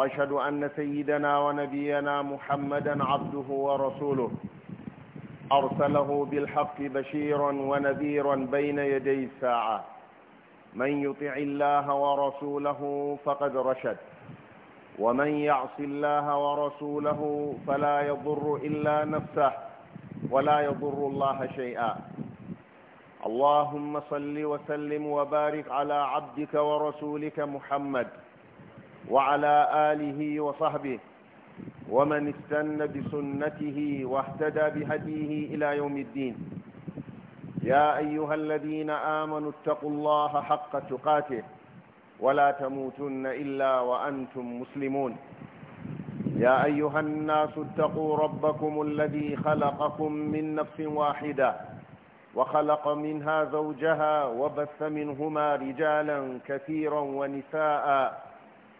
واشهد أن سيدنا ونبينا محمدا عبده ورسوله أرسله بالحق بشيرا ونذيرا بين يدي الساعة من يطع الله ورسوله فقد رشد ومن يعص الله ورسوله فلا يضر إلا نفسه ولا يضر الله شيئا اللهم صل وسلم وبارك على عبدك ورسولك محمد وعلى آله وصحبه ومن استن بسنته واهتدى بهديه إلى يوم الدين يا أيها الذين آمنوا اتقوا الله حق تقاته ولا تموتن إلا وأنتم مسلمون يا أيها الناس اتقوا ربكم الذي خلقكم من نفس واحدة وخلق منها زوجها وبث منهما رجالا كثيرا ونساء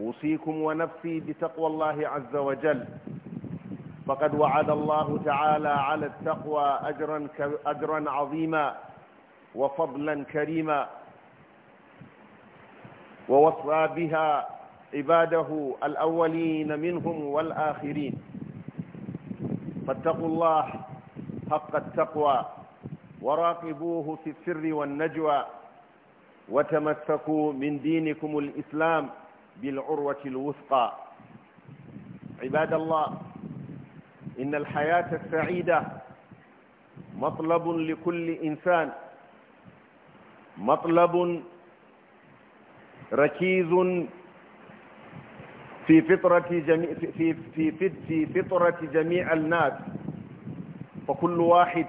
أوصيكم ونفسي بتقوى الله عز وجل فقد وعد الله تعالى على التقوى أجرا, أجرا عظيما وفضلا كريما ووصى بها عباده الأولين منهم والآخرين فاتقوا الله حق التقوى وراقبوه في السر والنجوى وتمسكوا من دينكم الإسلام بالعروة الوثقى عباد الله إن الحياة السعيدة مطلب لكل إنسان مطلب ركيز في فطرة جميع في في في, في فطرة جميع الناس فكل واحد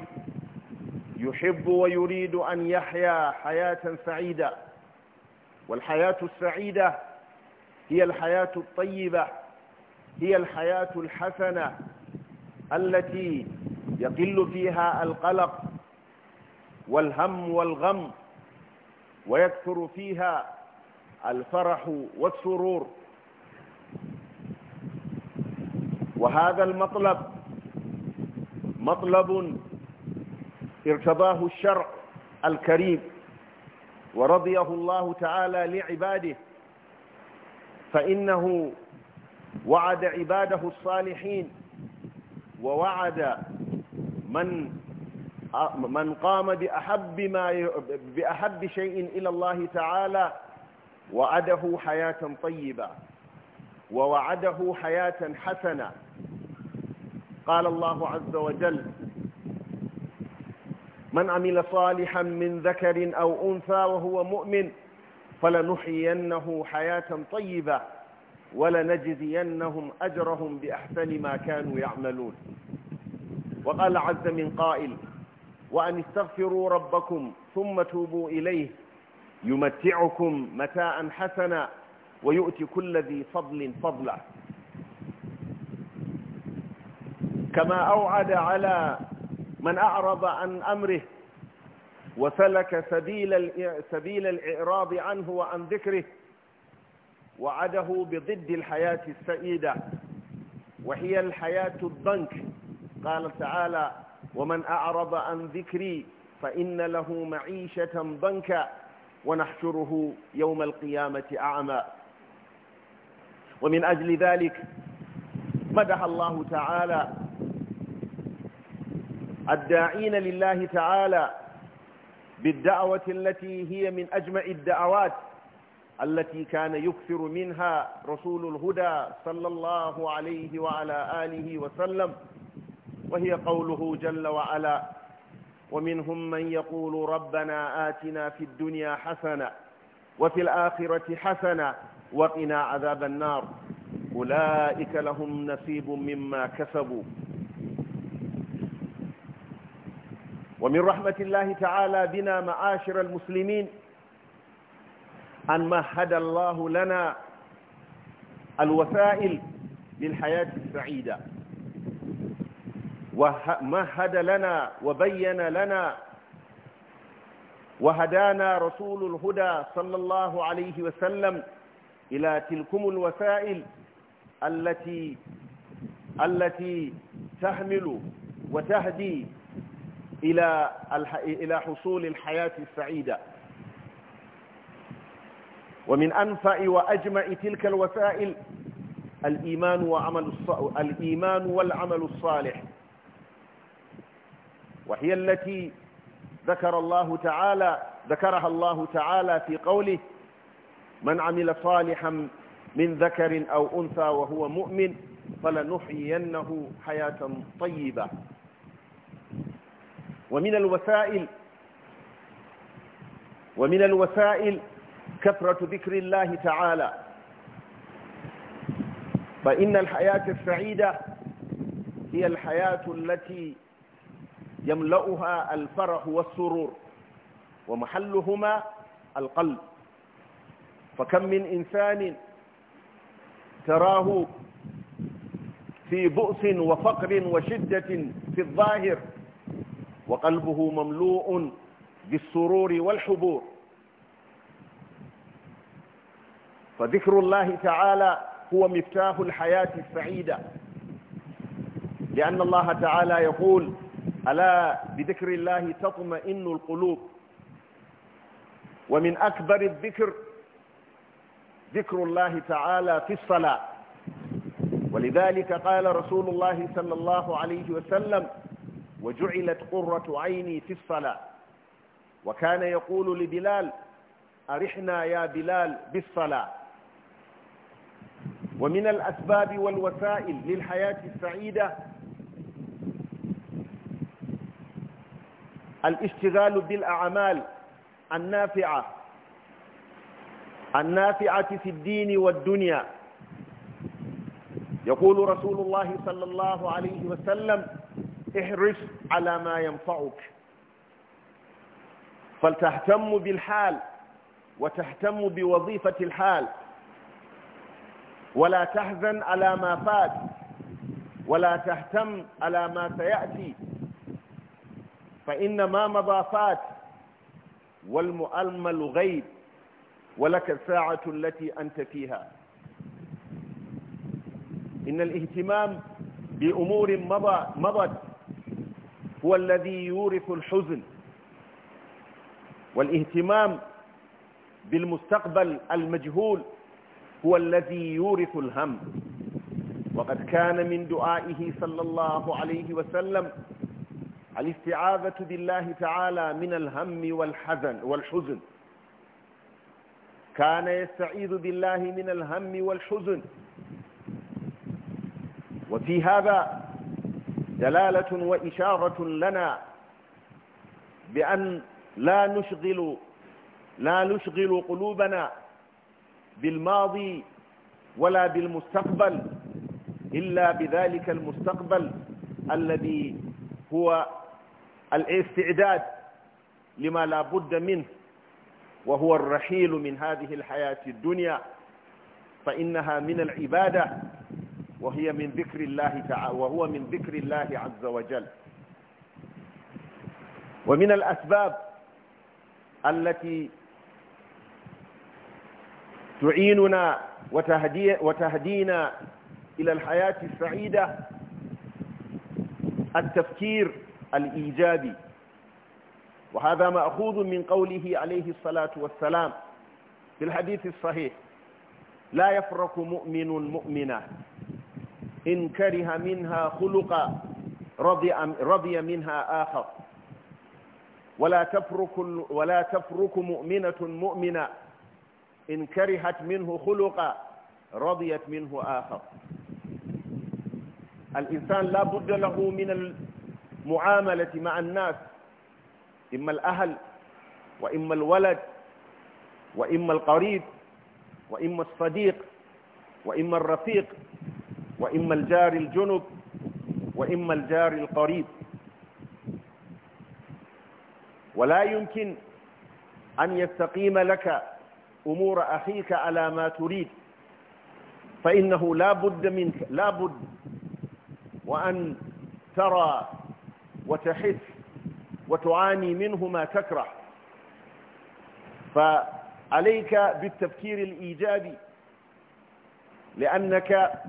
يحب ويريد أن يحيا حياة سعيدة والحياة السعيدة هي الحياة الطيبة هي الحياة الحسنة التي يقل فيها القلق والهم والغم ويكثر فيها الفرح والسرور وهذا المطلب مطلب ارتضاه الشرع الكريم ورضيه الله تعالى لعباده فإنه وعد عباده الصالحين ووعد من من قام بأحب, ما بأحب شيء إلى الله تعالى وعده حياة طيبة ووعده حياة حسنة قال الله عز وجل من عمل صالحا من ذكر أو أنثى وهو مؤمن فلنحيينه حياة طيبة ولنجزينهم أجرهم بأحسن ما كانوا يعملون وقال عز من قائل وأن استغفروا ربكم ثم توبوا إليه يمتعكم متاء حسنا ويؤتي كل ذي فضل فضلا كما أوعد على من أعرض عن أمره وسلك سبيل سبيل الإعراض عنه وعن ذكره وعده بضد الحياة السعيدة وهي الحياة الضنك قال تعالى ومن أعرض عن ذكري فإن له معيشة ضنكا ونحشره يوم القيامة أعمى ومن أجل ذلك مدح الله تعالى الداعين لله تعالى بالدعوة التي هي من أجمع الدعوات التي كان يكثر منها رسول الهدى صلى الله عليه وعلى آله وسلم وهي قوله جل وعلا ومنهم من يقول ربنا آتنا في الدنيا حسنة وفي الآخرة حسنة وقنا عذاب النار أولئك لهم نصيب مما كسبوا ومن رحمة الله تعالى بنا معاشر المسلمين أن مهد الله لنا الوسائل للحياة السعيدة ومهد لنا وبين لنا وهدانا رسول الهدى صلى الله عليه وسلم إلى تلكم الوسائل التي التي تحمل وتهدي إلى إلى حصول الحياة السعيدة ومن أنفع وأجمع تلك الوسائل الإيمان وعمل الص... الإيمان والعمل الصالح وهي التي ذكر الله تعالى ذكرها الله تعالى في قوله من عمل صالحا من ذكر أو أنثى وهو مؤمن فلنحيينه حياة طيبة ومن الوسائل ومن الوسائل كثرة ذكر الله تعالى فإن الحياة السعيدة هي الحياة التي يملأها الفرح والسرور ومحلهما القلب فكم من إنسان تراه في بؤس وفقر وشدة في الظاهر وقلبه مملوء بالسرور والحبور فذكر الله تعالى هو مفتاح الحياة السعيدة لأن الله تعالى يقول ألا بذكر الله تطمئن القلوب ومن أكبر الذكر ذكر الله تعالى في الصلاة ولذلك قال رسول الله صلى الله عليه وسلم وجعلت قرة عيني في الصلاة وكان يقول لبلال أرحنا يا بلال بالصلاة ومن الأسباب والوسائل للحياة السعيدة الاشتغال بالأعمال النافعة النافعة في الدين والدنيا يقول رسول الله صلى الله عليه وسلم احرص على ما ينفعك فلتهتم بالحال وتهتم بوظيفة الحال ولا تحزن على ما فات ولا تهتم على ما سيأتي فإن ما مضى فات والمؤمل غيب ولك الساعة التي أنت فيها إن الاهتمام بأمور مضى مضت هو الذي يورث الحزن والاهتمام بالمستقبل المجهول هو الذي يورث الهم وقد كان من دعائه صلى الله عليه وسلم الاستعاذة بالله تعالى من الهم والحزن والحزن كان يستعيذ بالله من الهم والحزن وفي هذا دلالة وإشارة لنا بأن لا نشغل لا نشغل قلوبنا بالماضي ولا بالمستقبل إلا بذلك المستقبل الذي هو الاستعداد لما لا بد منه وهو الرحيل من هذه الحياة الدنيا فإنها من العبادة وهي من ذكر الله تعالى وهو من ذكر الله عز وجل ومن الأسباب التي تعيننا وتهدي وتهدينا إلى الحياة السعيدة التفكير الإيجابي وهذا مأخوذ من قوله عليه الصلاة والسلام في الحديث الصحيح لا يفرق مؤمن مؤمنة إن كره منها خلقا رضي, رضي منها آخر ولا تفرك, ولا تفرك مؤمنة مؤمنة إن كرهت منه خلقا رضيت منه آخر الإنسان لا بد له من المعاملة مع الناس إما الأهل وإما الولد وإما القريب وإما الصديق وإما الرفيق وإما الجار الجنب وإما الجار القريب ولا يمكن أن يستقيم لك أمور أخيك على ما تريد فإنه لا بد منك لا بد وأن ترى وتحس وتعاني منه ما تكره فعليك بالتفكير الإيجابي لأنك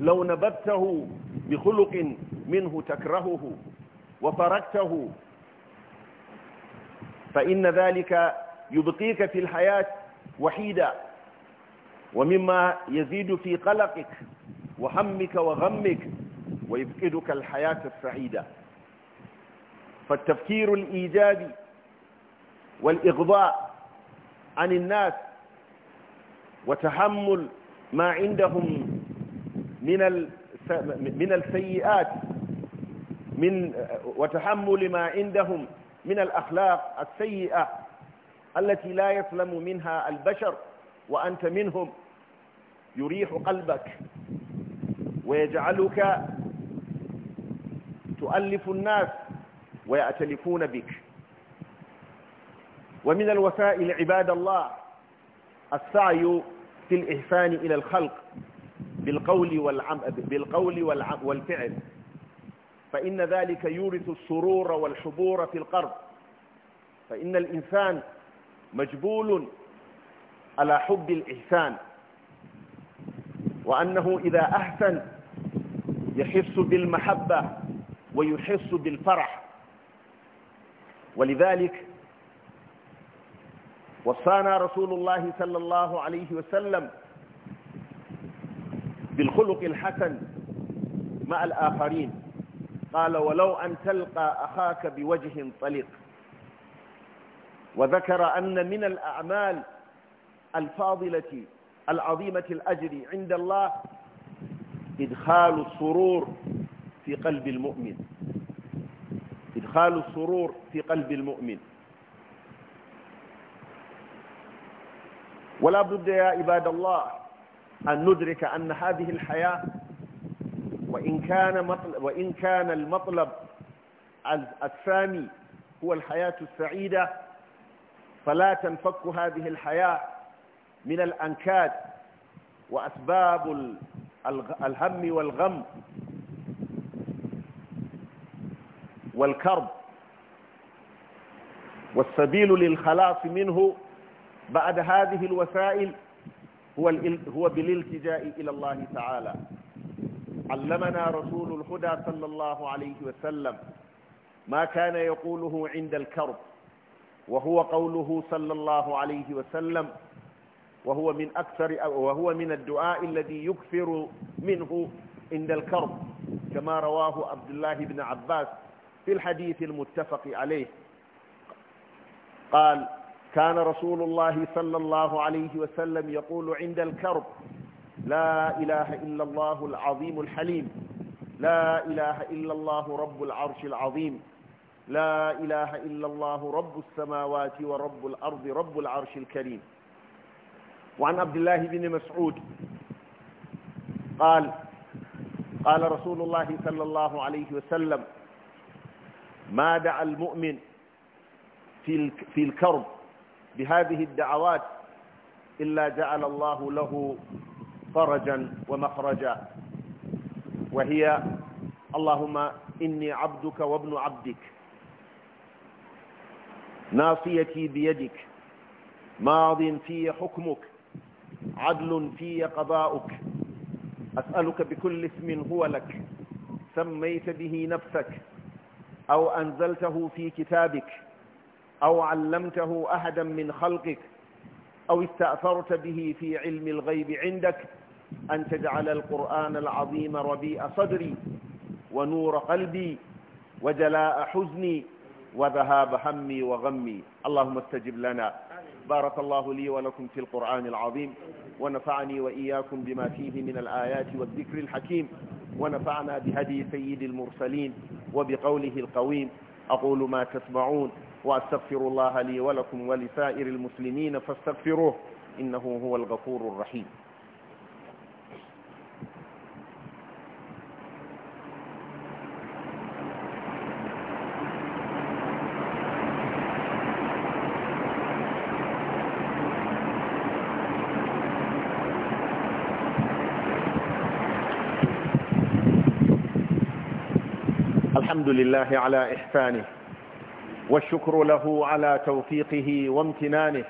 لو نبته بخلق منه تكرهه وفركته فإن ذلك يبقيك في الحياة وحيدا ومما يزيد في قلقك وهمك وغمك ويفقدك الحياة السعيدة فالتفكير الإيجابي والإغضاء عن الناس وتحمل ما عندهم من من السيئات من وتحمل ما عندهم من الأخلاق السيئة التي لا يسلم منها البشر وأنت منهم يريح قلبك ويجعلك تؤلف الناس ويأتلفون بك ومن الوسائل عباد الله السعي في الإحسان إلى الخلق بالقول والعم بالقول والعم والفعل فإن ذلك يورث السرور والحبور في القرب فإن الإنسان مجبول على حب الإحسان وأنه إذا أحسن يحس بالمحبة ويحس بالفرح ولذلك وصانا رسول الله صلى الله عليه وسلم الخلق الحسن مع الآخرين قال ولو أن تلقى أخاك بوجه طليق وذكر أن من الأعمال الفاضلة العظيمة الأجر عند الله إدخال السرور في قلب المؤمن إدخال السرور في قلب المؤمن ولا بد يا عباد الله أن ندرك أن هذه الحياة وإن كان, مطلب وإن كان المطلب السامي هو الحياة السعيدة فلا تنفك هذه الحياة من الأنكاد وأسباب الهم والغم والكرب والسبيل للخلاص منه بعد هذه الوسائل هو هو بالالتجاء إلى الله تعالى علمنا رسول الهدى صلى الله عليه وسلم ما كان يقوله عند الكرب وهو قوله صلى الله عليه وسلم وهو من أكثر وهو من الدعاء الذي يكثر منه عند الكرب كما رواه عبد الله بن عباس في الحديث المتفق عليه قال كان رسول الله صلى الله عليه وسلم يقول عند الكرب لا إله إلا الله العظيم الحليم لا إله إلا الله رب العرش العظيم لا إله إلا الله رب السماوات ورب الأرض رب العرش الكريم وعن عبد الله بن مسعود قال قال رسول الله صلى الله عليه وسلم ما دعا المؤمن في الكرب بهذه الدعوات إلا جعل الله له فرجا ومخرجا وهي اللهم إني عبدك وابن عبدك ناصيتي بيدك ماض في حكمك عدل في قضاؤك أسألك بكل اسم هو لك سميت به نفسك أو أنزلته في كتابك أو علمته أحدا من خلقك أو استأثرت به في علم الغيب عندك أن تجعل القرآن العظيم ربيع صدري ونور قلبي وجلاء حزني وذهاب همي وغمي اللهم استجب لنا بارك الله لي ولكم في القرآن العظيم ونفعني وإياكم بما فيه من الآيات والذكر الحكيم ونفعنا بهدي سيد المرسلين وبقوله القويم أقول ما تسمعون وأستغفر الله لي ولكم ولسائر المسلمين فاستغفروه إنه هو الغفور الرحيم الحمد لله على إحسانه والشكر له على توفيقه وامتنانه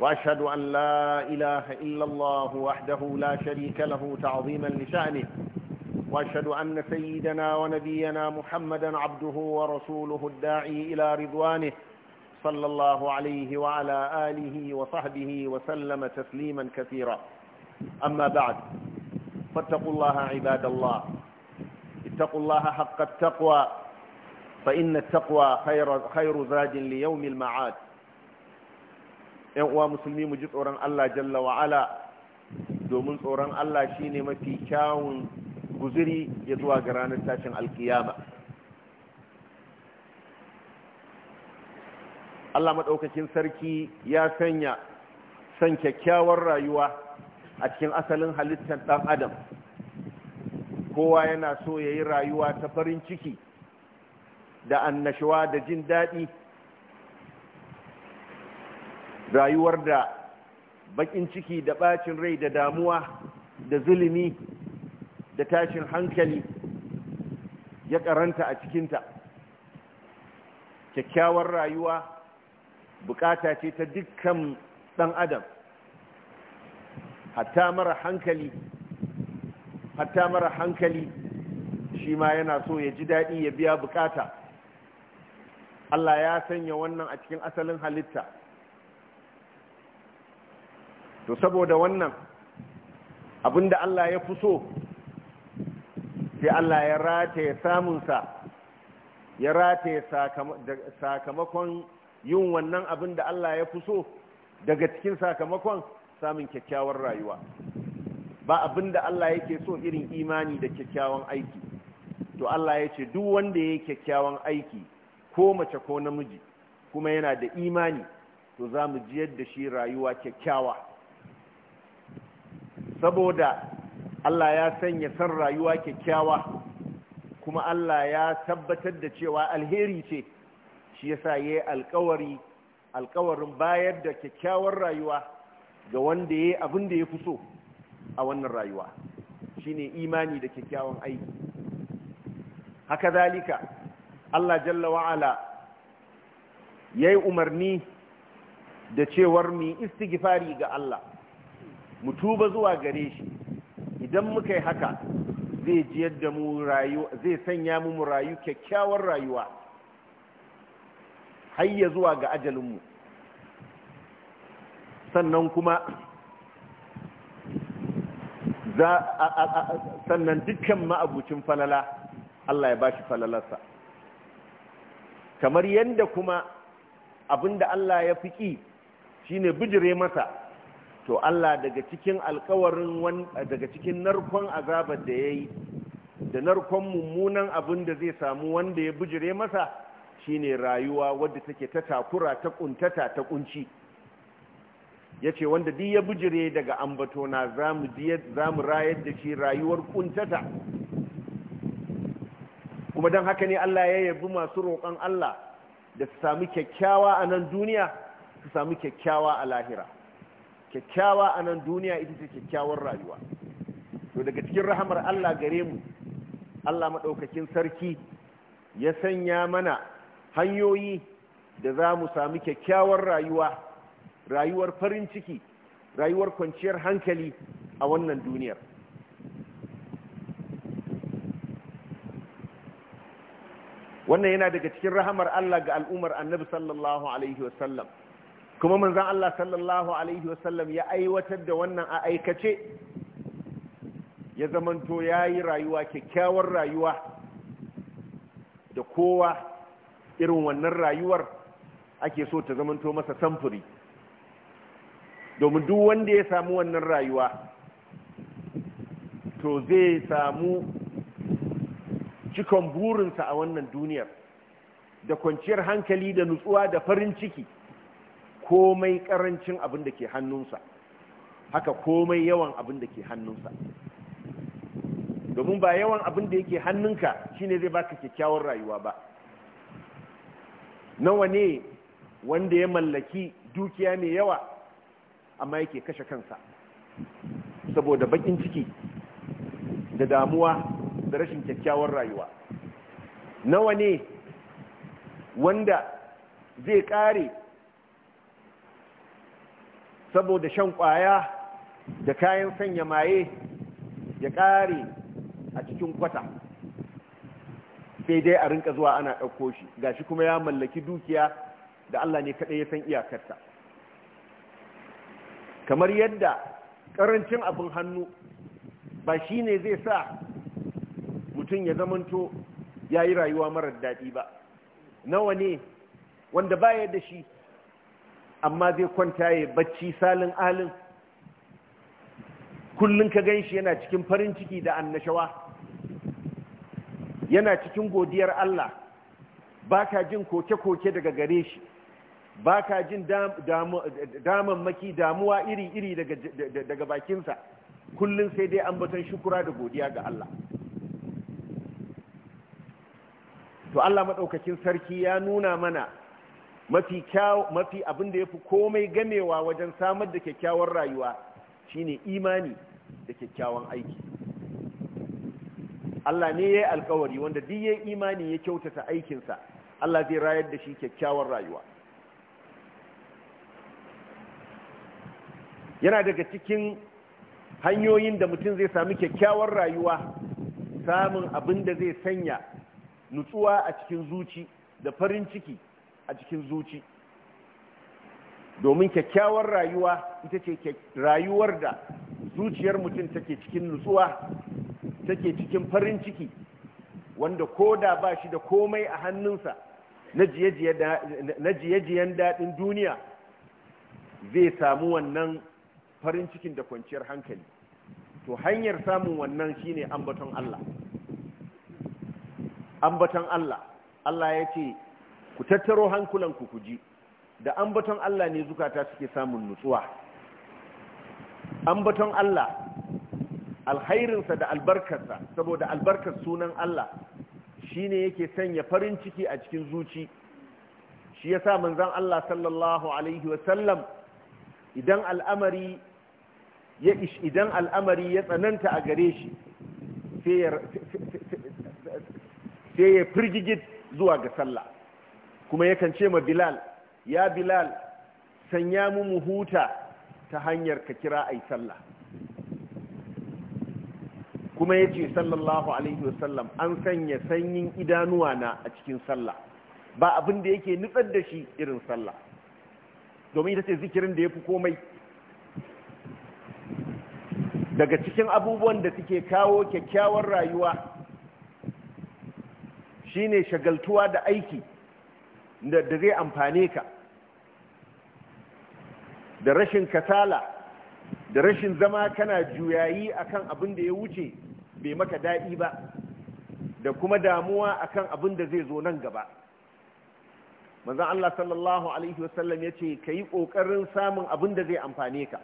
وأشهد أن لا إله إلا الله وحده لا شريك له تعظيما لشأنه وأشهد أن سيدنا ونبينا محمدا عبده ورسوله الداعي إلى رضوانه صلى الله عليه وعلى آله وصحبه وسلم تسليما كثيرا أما بعد فاتقوا الله عباد الله اتقوا الله حق التقوى فإن التقوى خير, خير زاد ليوم المعاد ‘yan'uwa musulmi mu ji tsoron Allah jalla wa'ala domin tsoron Allah shi ne mafi kyawun guziri ya zuwa ga ranar tashin alkiyama. Allah maɗaukakin sarki ya sanya son kyakkyawar rayuwa a cikin asalin halittar ɗan adam kowa yana so ya yi rayuwa ta farin ciki da annashuwa da jin daɗi rayuwar da bakin ciki da bacin rai da damuwa da zulumi da tashin hankali ya karanta a cikinta kyakkyawar rayuwa bukata ce ta dukkan ɗan adam hatta mara hankali hatta mara hankali shi ma yana so ya ji daɗi ya biya bukata Allah ya sanya wannan a cikin asalin halitta to saboda wannan abinda Allah ya fi so sai Allah ya rataye samunsa ya sakamakon yin wannan abinda Allah ya fi so daga cikin sakamakon samun kyakkyawar rayuwa ba abinda Allah yake so irin imani da kyakkyawan aiki to Allah ya ce duk wanda ya yi kyakkyawan aiki ko mace ko namiji kuma yana da imani to za mu jiyar da shi rayuwa kyakkyawa saboda Allah ya sanya san rayuwa kyakkyawa kuma Allah ya tabbatar da cewa alheri ce shi yasa ya yi alkawari alkawarin bayar da kyakkyawar rayuwa ga wanda ya yi abin da ya fi so a wannan rayuwa shine imani da kyakkyawan aiki haka zalika Allah jalla wa'ala ya yi umarni da cewar mu istighfari ga Allah mu tuba zuwa gare shi idan muka yi haka zai jiyar da mu rayu zai sanya mu mu rayu kyakkyawar rayuwa hayya zuwa ga ajalinmu sannan kuma za sannan dukkan ma'abucin falala Allah ya bashi falalarsa kamar yadda kuma abinda Allah ya fi ƙi ne bijire masa to Allah daga cikin alkawarin daga cikin narkon azabar da ya yi da narkon mummunan abinda zai samu wanda ya bijire masa shi ne rayuwa wadda take ta takura ta ƙuntata ta ƙunci. ya ce wanda duk ya bijire daga ambatona za mu rayar da shi rayuwar ƙuntata. kuma don haka ne Allah ya yabi masu roƙon Allah da su sami kyakkyawa a nan duniya su sami kyakkyawa a lahira kyakkyawa a nan duniya ita ce kyakkyawar rayuwa to daga cikin rahamar Allah gare mu Allah maɗaukakin sarki ya sanya mana hanyoyi da za mu sami kyakkyawar rayuwa rayuwar farin ciki rayuwar kwanciyar hankali a wannan duniyar wannan yana daga cikin rahamar Allah ga al'ummar annabi sallallahu alaihi wasallam kuma manzon Allah sallallahu alaihi wasallam ya aiwatar da wannan a aikace ya zamanto ya yi rayuwa kyakkyawar rayuwa da kowa irin wannan rayuwar ake so ta zamanto masa samfuri domin duk wanda ya samu wannan rayuwa to zai samu cikon burinsa a wannan duniyar da kwanciyar hankali da nutsuwa da farin ciki komai karancin abin da ke hannunsa haka komai yawan abin da ke hannunsa domin ba yawan abin da yake hannunka shine zai baka kyakkyawar rayuwa ba nawa ne wanda ya mallaki dukiya mai yawa amma yake kashe kansa saboda bakin ciki da damuwa da rashin kyakkyawar rayuwa nawa ne wanda zai kare saboda shan kwaya da kayan sanya maye ya kare a cikin kwata sai dai a rinka zuwa ana ɗauko shi gashi kuma ya mallaki dukiya da Allah ne kaɗai ya san iyakarta kamar yadda ƙarancin abin hannu ba shi ne zai sa mutum ya zamanto ya yi rayuwa marar daɗi ba nawa ne wanda baya da shi amma zai kwanta ya bacci salin alin kullum ka gan shi yana cikin farin ciki da annashawa yana cikin godiyar Allah ba ka jin koke-koke daga gare shi ba ka jin damammaki damuwa iri-iri daga bakinsa kullum sai dai an batan shukura da godiya ga Allah to Allah maɗaukakin sarki ya nuna mana mafi kyaw mafi abin da ya fi komai gamewa wajen samar da kyakkyawar rayuwa shine imani da kyakkyawan aiki Allah ne yayi alƙawari wanda duk yayi imani ya kyautata aikinsa Allah zai rayar da shi kyakkyawar rayuwa yana daga cikin hanyoyin da mutum zai sami kyakkyawar rayuwa samun abin da zai sanya nutsuwa a cikin zuci da farin ciki a cikin zuci domin kyakkyawar rayuwa ita ce rayuwar da zuciyar mutum take cikin nutsuwa take cikin farin ciki wanda ko da ba shi da komai a hannunsa na jiye-jiyen daɗin duniya zai samu wannan farin cikin da kwanciyar hankali to hanyar samun wannan shine ambaton Allah ambaton Allah Allah ya ce ku tattaro hankulan ku ji da ambaton Allah ne zukata suke samun nutsuwa ambaton Allah alkhairinsa da albarkarsa saboda albarkar sunan Allah shine yake sanya farin ciki a cikin zuci shi yasa manzon Allah sallallahu alaihi wasallam idan al'amari ya idan al'amari ya tsananta a gare shi sai ya firgigit zuwa ga sallah kuma yakan ce ma bilal ya bilal sanya mu mu huta ta hanyar ka kira ai sallah kuma ya ce sallallahu alaihi wasallam an sanya sanyin idanuwa na a cikin sallah ba abin da yake nutsar da shi irin sallah domin ita ce zikirin da ya fi komai daga cikin abubuwan da suke kawo kyakkyawar rayuwa Shi ne shagaltuwa da aiki da zai amfane ka da rashin kasala da rashin zama kana juyayi akan abin da ya wuce bai maka daɗi ba da kuma damuwa akan abin da zai zo nan gaba manzan Allah sallallahu Alaihi wasallam ya ce ka yi ƙoƙarin samun abin da zai amfane ka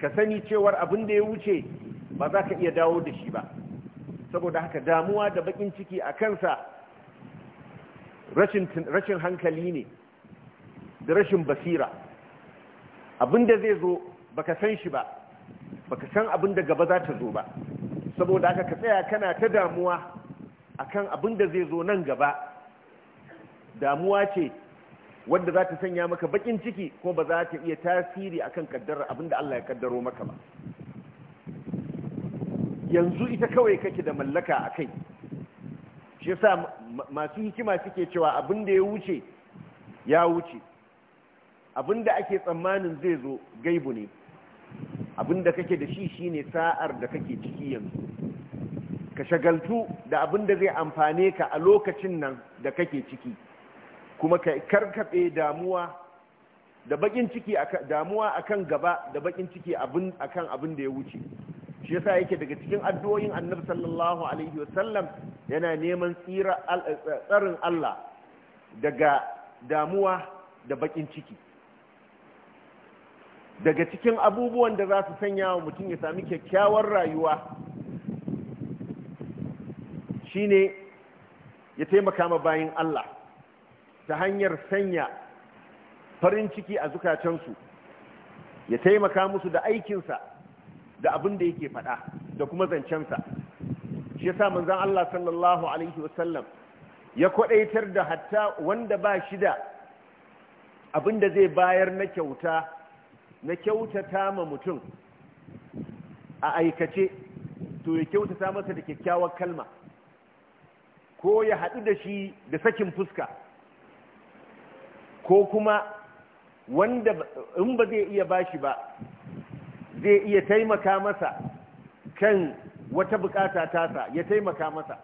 ka sani cewar abin da ya wuce ba za ka iya dawo da shi ba saboda haka damuwa da bakin ciki a kansa rashin hankali ne da rashin basira abinda zai zo baka san shi ba baka san abinda gaba za ta zo ba saboda haka ka tsaya kana ta damuwa akan abinda zai zo nan gaba damuwa ce wanda za ta sanya maka bakin ciki ko ba za ta iya tasiri akan kaddara abinda Allah ya kaddaro maka ba yanzu ita kawai kake da mallaka a kai shi sa masu hikima suke cewa abin da ya wuce ya wuce abin da ake tsammanin zai zo gaibu ne abin da kake da shi shi ne sa'ar da kake ciki yanzu ka shagaltu da abin da zai amfane ka a lokacin nan da kake ciki kuma ka karkabe damuwa da bakin ciki damuwa akan gaba da bakin ciki akan abin da ya wuce shi yasa yake daga cikin addu'o'in annabi sallallahu alaihi wasallam yana neman tsira tsarin Allah daga damuwa da bakin ciki daga cikin abubuwan da za su sanya wa mutum ya sami kyakkyawar rayuwa shine ya taimaka ma bayin Allah ta hanyar sanya farin ciki a zukatansu ya taimaka musu da aikinsa da abin da yake faɗa da kuma zancensa shi yasa manzon Allah sallallahu alaihi wasallam ya kwadaitar da hatta wanda ba shi da abin da zai bayar na kyauta na kyautata ma mutum a aikace to ya kyautata masa da kyakkyawar kalma ko ya haɗu da shi da sakin fuska ko kuma wanda in ba zai iya bashi ba zai iya taimaka masa kan wata bukata tasa ya taimaka masa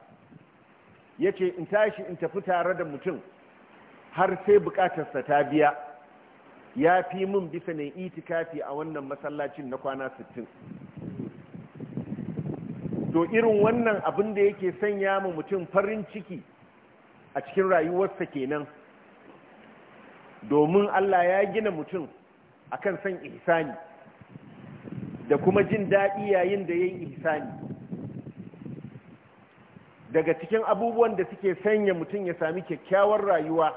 yace in tashi in tafi tare da mutum har sai bukatarsa ta biya ya fi mun bisa ne itikafi a wannan masallacin na kwana 60 to irin wannan abin da yake sanya ma mutum farin ciki a cikin rayuwarsa kenan domin Allah ya gina mutum akan san ihsani da kuma jin daɗi yayin da ya yi ihsani daga cikin abubuwan da suke sanya mutum ya sami kyakkyawar rayuwa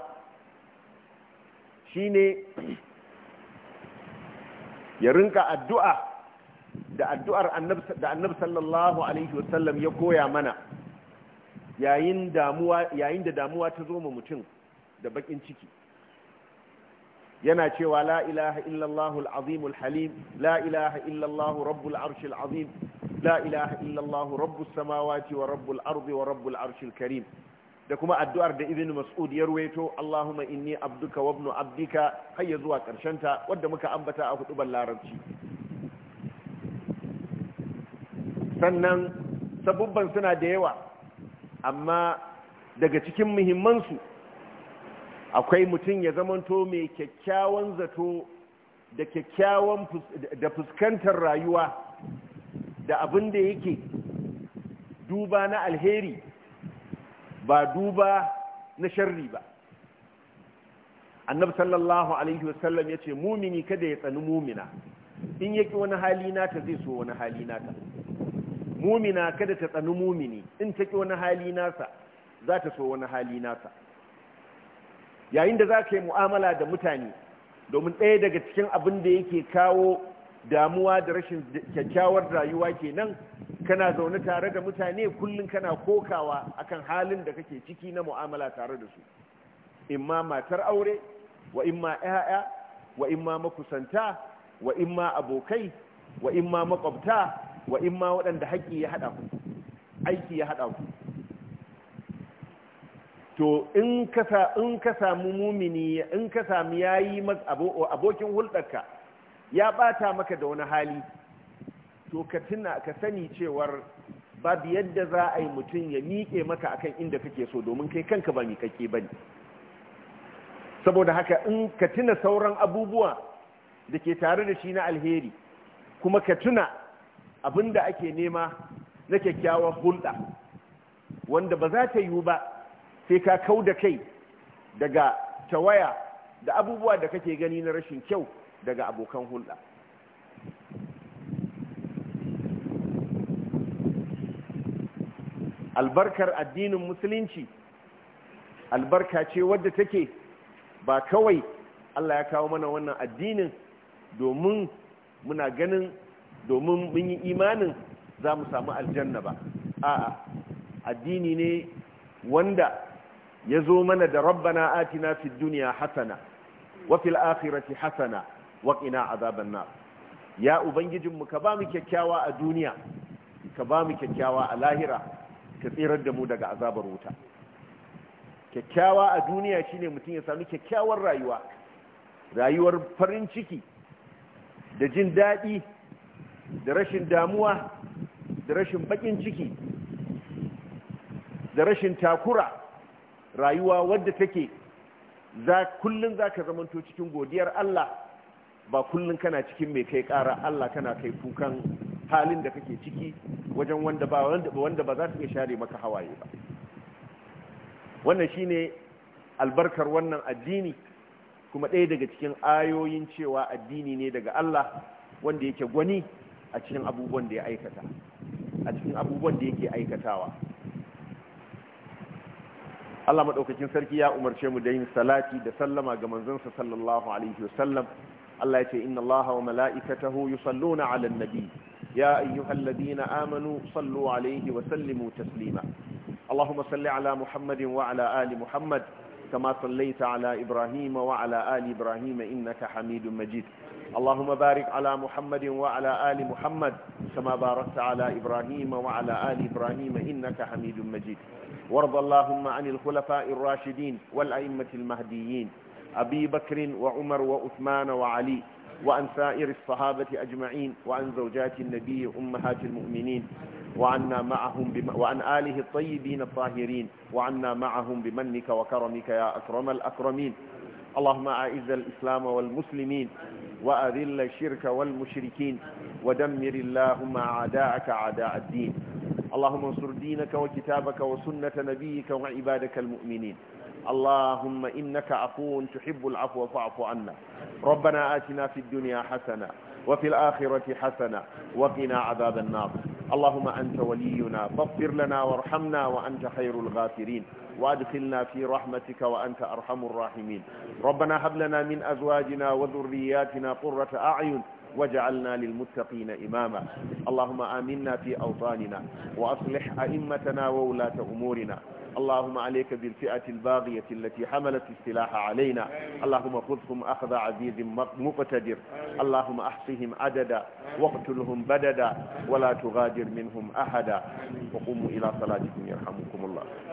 shine ya rinka addu'a da addu'ar annab sallallahu alaihi wasallam ya koya mana yayin da damuwa ta zo ma mutum da bakin ciki yana cewa la ilaha illallahu al-azim al-halim la ilaha illallahu rabbul arsh al-azim la ilaha illallahu rabbus samawati wa rabbul ardi wa rabbul arsh al-karim da kuma addu'ar da idinu mas'ud ya ruwaito Allahumma inni abduka wa ibnu abdika har ya zuwa ta wadda muka ambata a hudubar larabci sannan sabubban suna da yawa amma daga cikin muhimmansu akwai mutum ya zamanto mai kyakkyawan zato da kyakkyawan da fuskantar rayuwa da abin da yake duba na alheri ba duba na sharri ba annabi sallallahu alaihi wasallam ya ce mumini kada ya tsani mumina in yake wani hali nata zai so wani hali nata mumina kada ta tsani mumini in take wani hali nasa za ta so wani hali nasa yayin da za ka yi mu'amala da mutane domin ɗaya daga cikin abin da yake kawo damuwa da rashin kyakkyawar rayuwa kenan kana zaune tare da mutane kullum kana kokawa akan halin da kake ciki na mu'amala tare da su in ma matar aure wa in ma 'ya'ya wa in ma makusanta wa in ma abokai wa in ma makwabta wa in ma waɗanda haƙƙi ya haɗa ku aiki ya haɗa ku to in ka in ka samu mumini in ka samu yayi abokin hulɗarka ya bata maka da wani hali to ka tuna ka sani cewar babu yadda za a yi mutum ya miƙe maka akan inda kake so domin kai kanka ba miƙaƙe ba saboda haka in ka tuna sauran abubuwa da ke tare da shi na alheri kuma ka tuna abin da ake nema na kyakkyawar hulɗa wanda ba za ta yiwu ba sai ka kau da kai daga tawaya da abubuwa da kake gani na rashin kyau daga abokan hulɗa albarkar addinin musulunci albarka ce wadda take ba kawai Allah ya kawo mana wannan addinin domin muna ganin domin mun yi imanin za mu samu aljanna ba a'a addini ne wanda ya zo mana da rabbana atina fi duniya hasana wa fil akhirati hasana wa qina azaban nar ya ubangijin mu ka ba mu kyakkyawa a duniya ka ba mu kyakkyawa a lahira ka tsirar da mu daga azabar wuta kyakkyawa a duniya shine mutum ya sami kyakkyawar rayuwa rayuwar farin ciki da jin daɗi da rashin damuwa da rashin bakin ciki da rashin takura rayuwa wadda take za kullun ka zamanto cikin godiyar Allah ba kullun kana cikin mai kai kara. Allah kana kai kukan halin da kake ciki wajen wanda ba wanda ba za ta iya share maka hawaye ba wannan shine albarkar wannan addini kuma ɗaya daga cikin ayoyin cewa addini ne daga Allah wanda yake gwani a cikin abubuwan da ya aikata a cikin abubuwan da yake aikatawa Allah madaukakin sarki ya umarce mu da yin salati da sallama ga manzonsa sallallahu alaihi wasallam Allah ya ce inna Allah wa mala'ikatahu yusalluna 'alan nabi ya ayyuhalladhina amanu sallu 'alaihi wa sallimu taslima Allahumma salli 'ala Muhammadin wa 'ala ali Muhammad كما صليت على إبراهيم وعلى آل إبراهيم إنك حميد مجيد اللهم بارك على محمد وعلى آل محمد كما باركت على إبراهيم وعلى آل إبراهيم إنك حميد مجيد وارض اللهم عن الخلفاء الراشدين والأئمة المهديين أبي بكر وعمر وأثمان وعلي وعن سائر الصحابة أجمعين وعن زوجات النبي أمهات المؤمنين وعنا معهم بم... وعن آله الطيبين الطاهرين وعنا معهم بمنك وكرمك يا أكرم الأكرمين اللهم أعز الإسلام والمسلمين وأذل الشرك والمشركين ودمر اللهم أعداءك أعداء الدين اللهم انصر دينك وكتابك وسنة نبيك وعبادك المؤمنين اللهم إنك عفو تحب العفو فاعف عنا ربنا آتنا في الدنيا حسنة وفي الآخرة حسنة وقنا عذاب النار اللهم أنت ولينا فاغفر لنا وارحمنا وأنت خير الغافرين وادخلنا في رحمتك وأنت أرحم الراحمين ربنا هب لنا من أزواجنا وذرياتنا قرة أعين وجعلنا للمتقين إماما اللهم آمنا في أوطاننا وأصلح أئمتنا وولاة أمورنا اللهم عليك بالفئة الباغية التي حملت السلاح علينا اللهم خذهم أخذ عزيز مقتدر اللهم أحصهم عددا واقتلهم بددا ولا تغادر منهم أحدا وقوموا إلى صلاتكم يرحمكم الله